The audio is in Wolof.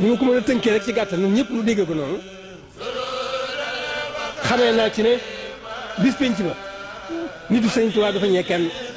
ni ma ko mën a tënkee rek ci gàttal ñun ñëpp ñu dégg ko noonu xamee naa ci ne bis penc ba nitu sëñ Tuubaa dafa ñee kenn